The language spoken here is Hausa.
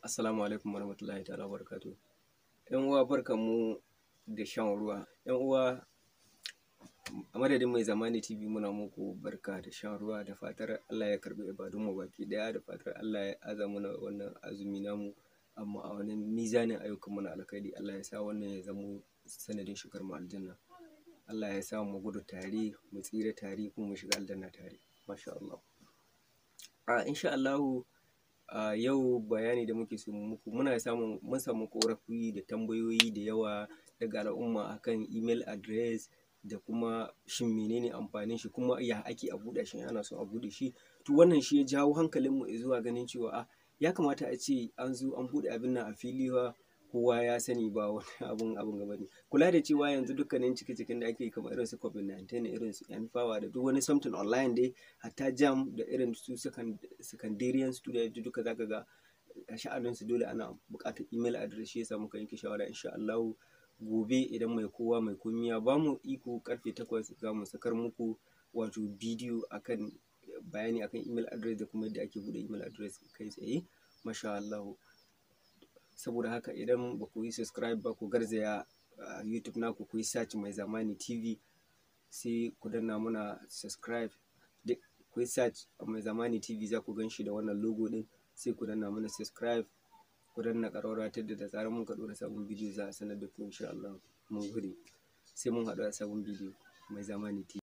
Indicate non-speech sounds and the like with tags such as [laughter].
Assalamu alaikum warahmatullahi ta'ala barakatuhu. ‘Yan uwa mu da shan ruwa. ‘Yan uwa a madadin mai zamani TV muna muku barka da shan ruwa da fatar Allah ya karbi mu baki daya da fatar Allah ya aza mana wannan azumi namu amma a wani mizanin ayyukan mu na alkhairi Allah ya sa wannan ya zama sanadin shukar mu aljanna. Allah ya sa mu gudu tare mu tsira tare kuma mu shiga aljanna tare. Masha Allah. A insha Allahu a yau bayani da muke so muku muna samun mun samu korafi da tambayoyi da yawa daga al'umma akan email address da kuma shin menene amfanin shi kuma ya ake a buɗe shi ana so a buɗe shi to wannan shi ya jawo hankalinmu mu zuwa ganin cewa a ah, ya kamata a ce an zo an buɗe abin nan a fili ba. kowa ya sani ba wani [laughs] abun abun gaba ne kula da cewa yanzu dukkanin cike cikin da ake kamar irin su covid 19 irin su yan da duk wani something online dai hatta jam da irin su secondarian student duka zaka ga sha'anin su dole ana buƙatar email address shi yasa muka yanke shawara insha Allah gobe idan mai kowa mai komiya ba mu iko karfe 8 za mu sakar muku wato bidiyo akan bayani akan email address da kuma yadda ake buɗe email address kai tsaye masha Allah saboda haka idan ba ku yi subscribe ba ku garzaya a ah, youtube naku ku yi search mai zamani tv sai ku danna muna subscribe ku yi search mai zamani tv za ku gan shi da wannan logo din sai ku danna muna subscribe ku danna karawar ta da tsarin mun kaɗo da sabon bidiyo za a sanar da ku insha Allah mun gode sai mun haɗu a sabon bidiyo mai zamani tv